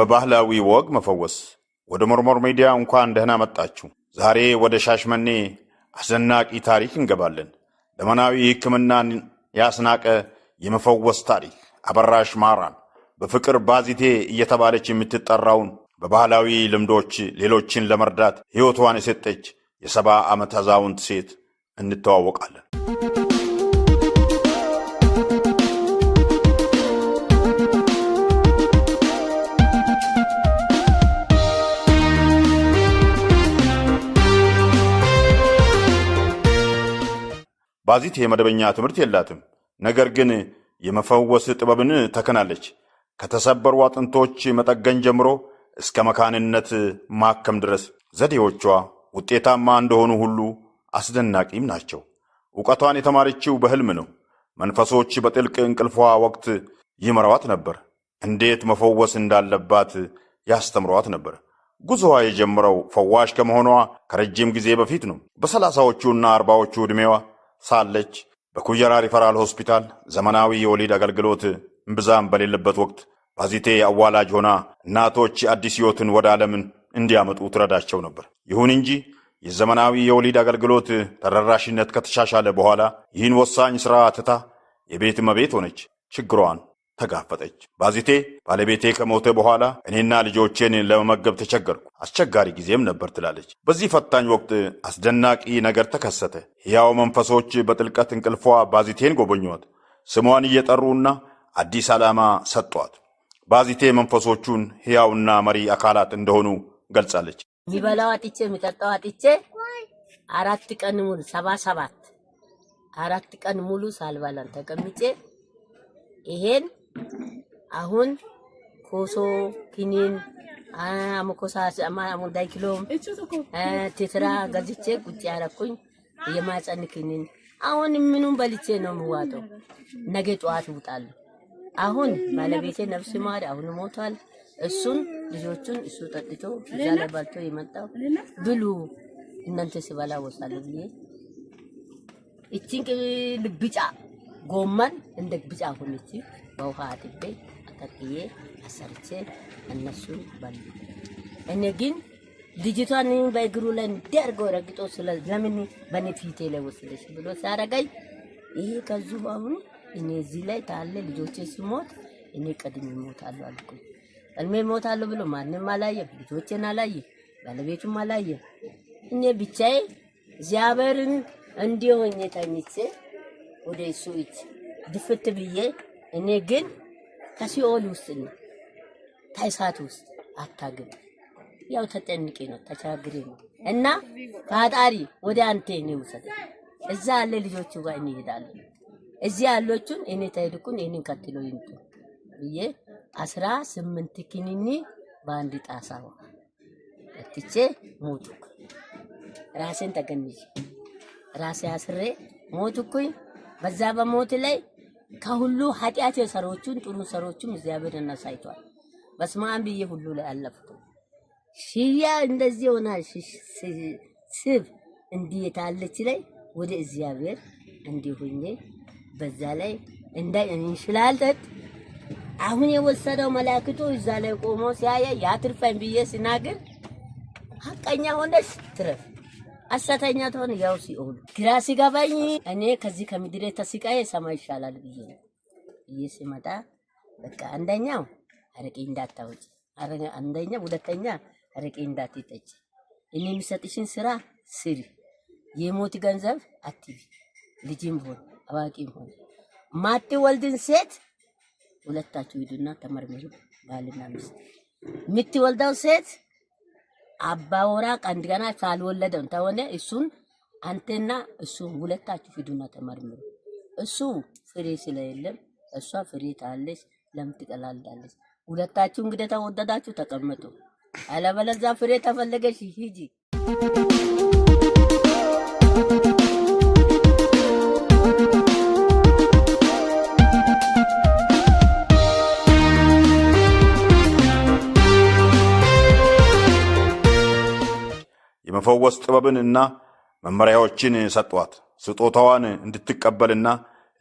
በባህላዊ ወግ መፈወስ። ወደ ሞርሞር ሚዲያ እንኳን ደህና መጣችሁ። ዛሬ ወደ ሻሽመኔ አስደናቂ ታሪክ እንገባለን። ዘመናዊ ሕክምናን ያስናቀ የመፈወስ ታሪክ አበራሽ ማራን በፍቅር ባዚቴ እየተባለች የምትጠራውን በባህላዊ ልምዶች ሌሎችን ለመርዳት ሕይወቷን የሰጠች የሰባ ዓመት አዛውንት ሴት እንተዋወቃለን። ባዚት የመደበኛ ትምህርት የላትም። ነገር ግን የመፈወስ ጥበብን ተከናለች። ከተሰበሩ አጥንቶች መጠገን ጀምሮ እስከ መካንነት ማከም ድረስ ዘዴዎቿ ውጤታማ እንደሆኑ ሁሉ አስደናቂም ናቸው። እውቀቷን የተማረችው በህልም ነው። መንፈሶች በጥልቅ እንቅልፏ ወቅት ይመረዋት ነበር። እንዴት መፈወስ እንዳለባት ያስተምረዋት ነበር። ጉዞዋ የጀመረው ፈዋሽ ከመሆኗ ከረጅም ጊዜ በፊት ነው። በሰላሳዎቹና አርባዎቹ ዕድሜዋ ሳለች በኩየራ ሪፈራል ሆስፒታል ዘመናዊ የወሊድ አገልግሎት እምብዛም በሌለበት ወቅት ባዚቴ አዋላጅ ሆና እናቶች አዲስ ሕይወትን ወደ ዓለምን እንዲያመጡ ትረዳቸው ነበር። ይሁን እንጂ የዘመናዊ የወሊድ አገልግሎት ተደራሽነት ከተሻሻለ በኋላ ይህን ወሳኝ ሥራ ትታ የቤት እመቤት ሆነች። ችግሯን ተጋፈጠች። ባዚቴ ባለቤቴ ከሞተ በኋላ እኔና ልጆቼን ለመመገብ ተቸገርኩ፣ አስቸጋሪ ጊዜም ነበር ትላለች። በዚህ ፈታኝ ወቅት አስደናቂ ነገር ተከሰተ። ሕያው መንፈሶች በጥልቀት እንቅልፏ ባዚቴን ጎበኟት። ስሟን እየጠሩና አዲስ ዓላማ ሰጧት። ባዚቴ መንፈሶቹን ሕያውና መሪ አካላት እንደሆኑ ገልጻለች። የሚበላው አጥቼ የሚጠጣው አጥቼ አራት ቀን ሙሉ ሰባ ሰባት አራት ቀን ሙሉ ሳልበላን ተቀምጬ ይሄን አሁን ኮሶ ኪኒን አሞኮሳ ዳይ ኪሎ ቴትራ ገዝቼ ቁጭ ያረኩኝ። የማጸን ኪኒን አሁን ምኑን በልቼ ነው የምዋጠው? ነገ ጠዋት ውጣሉ። አሁን ባለቤቴ ነፍስ ማር አሁን ሞቷል። እሱን ልጆቹን እሱ ጠጥቶ እዛ ላይ በልቶ የመጣው ብሉ እናንተ ሲበላ ወሳለ ብዬ እቺን ቢጫ ጎመን እንደ ቢጫ ሆነች። በውሃ አጥቤ አቀቅዬ አሰርቼ እነሱ በሉ። እኔ ግን ልጅቷን በእግሩ ላይ እንዲያርገው ረግጦ ስለለምን በእኔ ፊቴ ላይ ወሰደች ብሎ ሲያረጋኝ ይሄ ከዙ በአሁኑ እኔ እዚህ ላይ ታለ ልጆቼ ሲሞት እኔ ቀድሜ ሞታለሁ አልኩኝ። ቀድሜ ሞታለሁ ብሎ ማንም አላየም፣ ልጆቼን አላየም፣ ባለቤቱም አላየም። እኔ ብቻዬ እግዚአብሔርን እንዲሆኝ ተኝቼ ወደ እሱ ድፍት ብዬ እኔ ግን ከሲኦል ውስጥ ነው፣ ከእሳት ውስጥ አታግም። ያው ተጨንቄ ነው ተቻግሬ ነው እና ፈጣሪ ወደ አንተ እኔ ውሰድ። እዛ ያለ ልጆቹ ጋር እኔ እንሄዳለን። እዚህ ያሎቹን እኔ ተሄድኩን እኔን ከትሎ ይንጡ ብዬ አስራ ስምንት ኪኒኒ በአንድ ጣሳ ውሃ እትቼ ሞትኩ። ራሴን ተገንዤ ራሴ አስሬ ሞትኩኝ። በዛ በሞት ላይ ከሁሉ ኃጢአት የሰሮቹን ጥሩ ሰሮቹን እግዚአብሔር እነሱ አይቷል። በስመ አብ ብዬ ሁሉ ላይ አለፍኩ። ሽያ እንደዚህ ሆና ስብ እንዴት አለች ላይ ወደ እግዚአብሔር እንዲሁኝ በዛ ላይ እንዳይ እንሽላልጠት አሁን የወሰደው መላእክቱ እዛ ላይ ቆሞ ሲያየ ያትርፈን ብዬ ሲናገር ሀቀኛ ሆነሽ ትረፍ አሰተኛ ትሆን ያው ሲኦል ግራ ሲገባኝ እኔ ከዚህ ከምድር ተስቃዬ ሰማይ ይሻላል ብዬ ይህ ሲመጣ በቃ አንደኛው አረቄ እንዳታወጭ አንደኛ ሁለተኛ አረቄ እንዳትጠጭ፣ እኔ የሚሰጥሽን ስራ ስሪ፣ የሞት ገንዘብ አትቢ፣ ልጅም ሆን አዋቂም ሆን ማት ወልድን ሴት ሁለታችሁ ሂዱና ተመርምሩ፣ ባልና ሚስት የምትወልደው ሴት አባወራ ቀንድ ገና ሳልወለደም ተሆነ እሱን አንተና እሱ ሁለታችሁ ሂዱና ተመርምሩ። እሱ ፍሬ ስለሌለም እሷ ፍሬ ታለች። ለምን ትቀላልዳለች? ሁለታችሁ እንግዲህ ተወደዳችሁ ተቀመጡ። አለበለዚያ ፍሬ ተፈለገች ሂጂ። የመፈወስ ጥበብንና መመሪያዎችን ሰጧት። ስጦታዋን እንድትቀበልና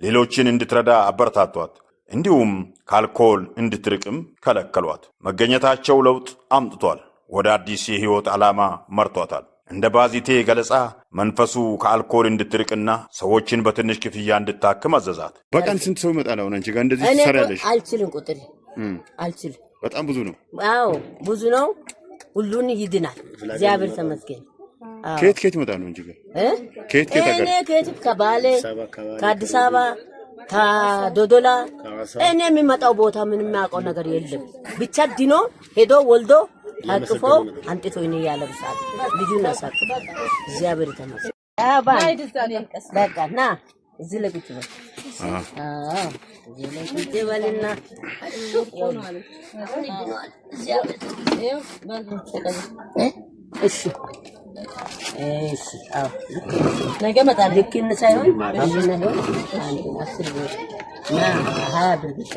ሌሎችን እንድትረዳ አበረታቷት። እንዲሁም ከአልኮል እንድትርቅም ከለከሏት። መገኘታቸው ለውጥ አምጥቷል፣ ወደ አዲስ የሕይወት ዓላማ መርቷታል። እንደ ባዚቴ ገለጻ መንፈሱ ከአልኮል እንድትርቅና ሰዎችን በትንሽ ክፍያ እንድታክም አዘዛት። በቀን ስንት ሰው ይመጣል? አሁን አንቺ ጋር እንደዚህ ትሰሪያለሽ? አልችልም፣ ቁጥር አልችልም። በጣም ብዙ ነው። አዎ ብዙ ነው። ሁሉን ይድናል። እግዚአብሔር ተመስገን። ከየት ከየት ይመጣ ነው እንጂ ከየት ከየት ከባሌ ከአዲስ አበባ ከዶዶላ እኔ የሚመጣው ቦታ ምን የሚያውቀው ነገር የለም። ብቻ ድኖ ሄዶ ወልዶ አቅፎ አንጥቶ ይኔ ያለብሳል ልጁን አሳቅፎ እግዚአብሔር ይመስገን። በቃ ና እዚህ ለቁጭ በል ቁጭ በልና እግዚአብሔር እሺ እሺ። አዎ ነገ እመጣለሁ። ልኬን ሳይሆን ሀያ ብር ብቻ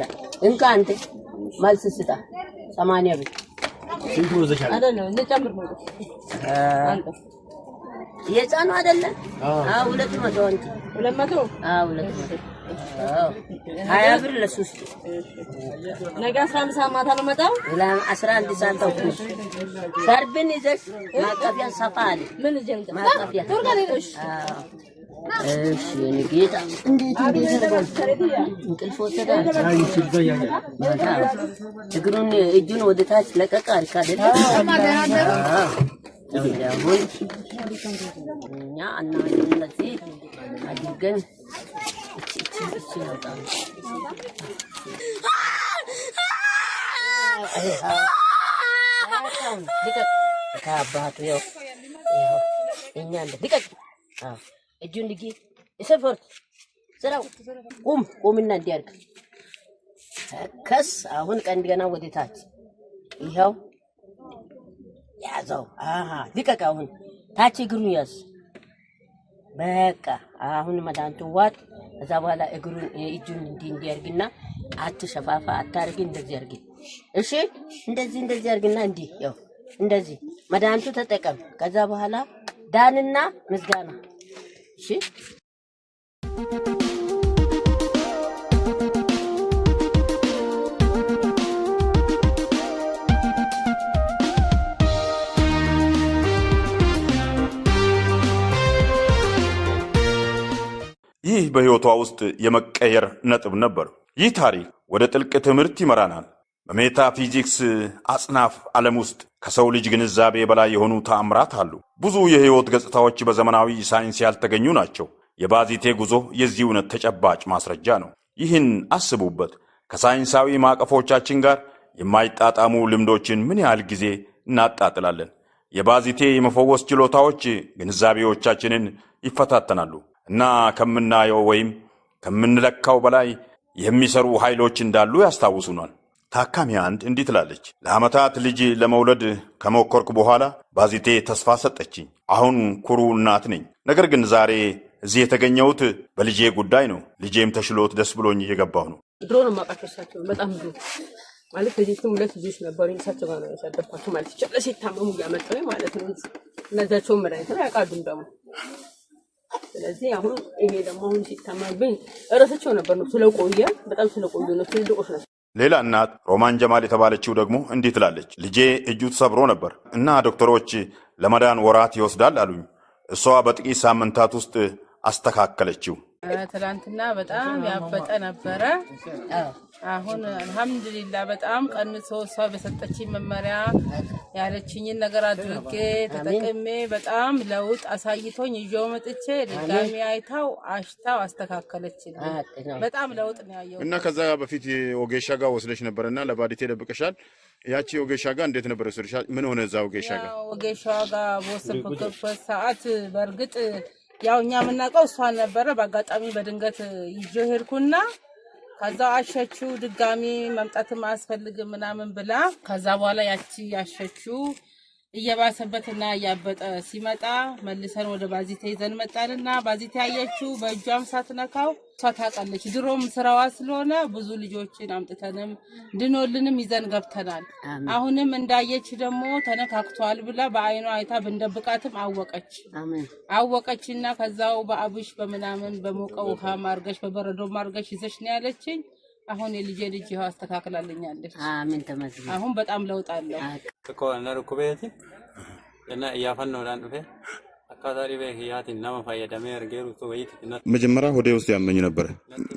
እንካ። አንተ መልስ ስጣ። ሰማንያ ብር የሕፃኑ አይደለም። ሁለት መቶ አንተ ሁለት መቶ ሀያ ብር ለሱ እስኪ ነገ አስራ አንድ ሰዓት ማታ ነው መጣው አስራ አንድ ሰዓት ተኩል ሰርብን ይዘሽ ማቀፊያን ሰፋ አለ ምን እሺ የኔ ጌታ እንዴት እንቅልፍ ወሰዳል። እግሩን እጁን ወደ ታች ለቀቅ አድርግ አይደል? አሁን እኛ እና እነዚህ አድርገን ከአባቱ ያው እኛ ልቀቅ፣ እጁን ልጊ ሰፈርት ስራው ቁም ቁምና እንዲያርግ ከስ አሁን ቀንድ ገና ወደ ታች ይኸው ያዘው። ልቀቅ፣ አሁን ታች እግሩን ያዝ። በቃ አሁን መድኃኒቱን ዋጥ። ከዛ በኋላ እግሩን እጁን እንዲ እንዲያርግና አትሸፋፋ አታርግ እንደዚህ አርጊ። እሺ እንደዚህ እንደዚህ አርግና እንዲ ያው እንደዚህ መድኃኒቱ ተጠቀም። ከዛ በኋላ ዳንና ምዝጋና እሺ በሕይወቷ ውስጥ የመቀየር ነጥብ ነበር። ይህ ታሪክ ወደ ጥልቅ ትምህርት ይመራናል። በሜታፊዚክስ አጽናፍ ዓለም ውስጥ ከሰው ልጅ ግንዛቤ በላይ የሆኑ ተአምራት አሉ። ብዙ የሕይወት ገጽታዎች በዘመናዊ ሳይንስ ያልተገኙ ናቸው። የባዚቴ ጉዞ የዚህ እውነት ተጨባጭ ማስረጃ ነው። ይህን አስቡበት። ከሳይንሳዊ ማዕቀፎቻችን ጋር የማይጣጣሙ ልምዶችን ምን ያህል ጊዜ እናጣጥላለን? የባዚቴ የመፈወስ ችሎታዎች ግንዛቤዎቻችንን ይፈታተናሉ። እና ከምናየው ወይም ከምንለካው በላይ የሚሰሩ ኃይሎች እንዳሉ ያስታውሱናል። ታካሚ አንድ እንዲህ ትላለች። ለዓመታት ልጅ ለመውለድ ከሞከርኩ በኋላ ባዚቴ ተስፋ ሰጠችኝ። አሁን ኩሩ እናት ነኝ። ነገር ግን ዛሬ እዚህ የተገኘሁት በልጄ ጉዳይ ነው። ልጄም ተሽሎት ደስ ብሎኝ እየገባሁ ነው። ድሮ ነው የማውቃቸው እሳቸው በጣም ድሮ ማለት በፊትም ሁለት ልጆች ነበሩ። እሳቸው ጋር ነው ያሳደግኳቸው ማለት ይቻላል። ሲታመሙ እያመጡ ማለት ነው። እነዛቸውን መድኃኒት ነው ያውቃሉም ደግሞ ስለዚህ አሁን ይሄ ደግሞ አሁን ሲተማብኝ እረስቸው ነበር ነው ስለቆየ በጣም ስለቆየ ነው ትልልቆች ናቸው። ሌላ እናት ሮማን ጀማል የተባለችው ደግሞ እንዲህ ትላለች። ልጄ እጁ ተሰብሮ ነበር እና ዶክተሮች ለመዳን ወራት ይወስዳል አሉኝ። እሷ በጥቂት ሳምንታት ውስጥ አስተካከለችው። ትላንትና በጣም ያበጠ ነበረ። አሁን አልሐምዱሊላህ በጣም ቀንሶ እሷ በሰጠችኝ መመሪያ ያለችኝን ነገር አድርጌ ተጠቅሜ በጣም ለውጥ አሳይቶኝ ይዤው መጥቼ ድጋሚ አይታው አሽታው አስተካከለችኝ። በጣም ለውጥ ነው ያየው እና ከዛ በፊት ወጌሻ ጋር ወስደች ነበር እና ለባዲቴ ደብቀሻል። ያቺ ወጌሻ ጋር እንዴት ነበር ወስደሻል? ምን ሆነ እዛ ወጌሻ ጋር? ወጌሻ ጋር በወሰድኩበት ሰዓት በእርግጥ ያው እኛ የምናውቀው እሷን ነበረ። በአጋጣሚ በድንገት ይዤው ሄድኩና ከዛ አሸችው። ድጋሚ መምጣትም አያስፈልግም ምናምን ብላ ከዛ በኋላ ያቺ ያሸችው እየባሰበትና እያበጠ ሲመጣ መልሰን ወደ ባዚቴ ይዘን መጣንና ባዚቴ አየችው። በእጇም ሳትነካው እሷ ታውቃለች። ድሮም ስራዋ ስለሆነ ብዙ ልጆችን አምጥተንም ድኖልንም ይዘን ገብተናል። አሁንም እንዳየች ደግሞ ተነካክቷል ብላ በአይኗ አይታ ብንደብቃትም አወቀች አወቀች አወቀችና ከዛው በአብሽ በምናምን በሞቀ ውሃ ማርገሽ በበረዶ ማርገሽ ይዘሽ ነው ያለችኝ። አሁን የልጄ ልጅ ይኸው አስተካክላልኛለች። አሜን ተመስገን። አሁን በጣም ለውጥ አለው እኮ ነርኩ ቤት እና እያፈን ነው ዳንዱፌ መጀመሪያ ሆዴ ውስጥ ያመኝ ነበር።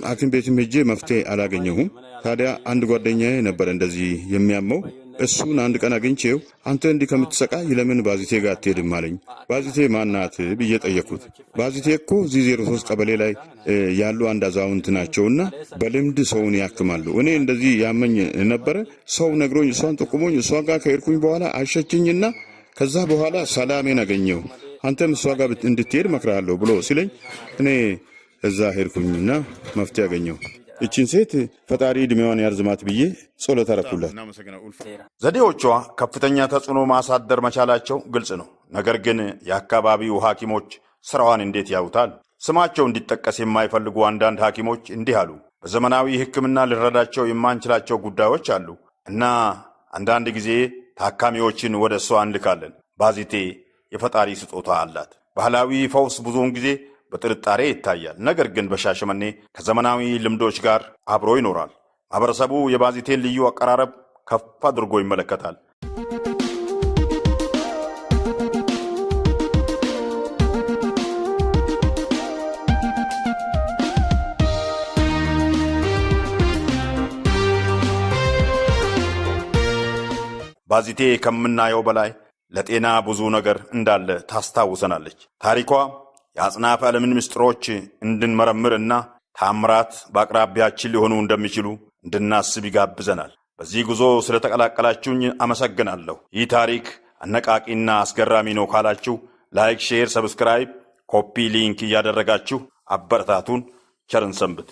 ሐኪም ቤትም ሄጄ መፍትሄ አላገኘሁም። ታዲያ አንድ ጓደኛዬ ነበር እንደዚህ የሚያመው። እሱን አንድ ቀን አግኝቼው አንተ እንዲህ ከምትሰቃይ ለምን ባዚቴ ጋር አትሄድም አለኝ። ባዚቴ ማናት ብዬ ጠየቅኩት። ባዚቴ እኮ እዚህ ዜሮ ሶስት ቀበሌ ላይ ያሉ አንድ አዛውንት ናቸውና በልምድ ሰውን ያክማሉ። እኔ እንደዚህ ያመኝ ነበረ። ሰው ነግሮኝ እሷን ጠቁሞኝ እሷ ጋር ከሄድኩኝ በኋላ አሸችኝና ከዛ በኋላ ሰላሜን አገኘው። አንተም እሷ ጋር እንድትሄድ መክራለሁ ብሎ ሲለኝ እኔ እዛ ሄድኩኝና መፍትሄ ያገኘው እችን ሴት ፈጣሪ እድሜዋን ያርዝማት ብዬ ጸሎት አረኩላት። ዘዴዎቿ ከፍተኛ ተጽዕኖ ማሳደር መቻላቸው ግልጽ ነው። ነገር ግን የአካባቢው ሐኪሞች ስራዋን እንዴት ያውታል። ስማቸው እንዲጠቀስ የማይፈልጉ አንዳንድ ሐኪሞች እንዲህ አሉ። በዘመናዊ ሕክምና ልረዳቸው የማንችላቸው ጉዳዮች አሉ እና አንዳንድ ጊዜ ታካሚዎችን ወደ እሷ እንልካለን። ባዚቴ የፈጣሪ ስጦታ አላት። ባህላዊ ፈውስ ብዙውን ጊዜ በጥርጣሬ ይታያል፣ ነገር ግን በሻሸመኔ ከዘመናዊ ልምዶች ጋር አብሮ ይኖራል። ማህበረሰቡ የባዚቴን ልዩ አቀራረብ ከፍ አድርጎ ይመለከታል። ባዚቴ ከምናየው በላይ ለጤና ብዙ ነገር እንዳለ ታስታውሰናለች። ታሪኳ የአጽናፈ ዓለምን ምስጢሮች እንድንመረምር እና ታምራት በአቅራቢያችን ሊሆኑ እንደሚችሉ እንድናስብ ይጋብዘናል። በዚህ ጉዞ ተቀላቀላችሁኝ አመሰግናለሁ። ይህ ታሪክ አነቃቂና አስገራሚ ነው ካላችሁ ላይክ፣ ሼር፣ ሰብስክራይብ፣ ኮፒ ሊንክ እያደረጋችሁ አበረታቱን። ቸርን ሰንብት።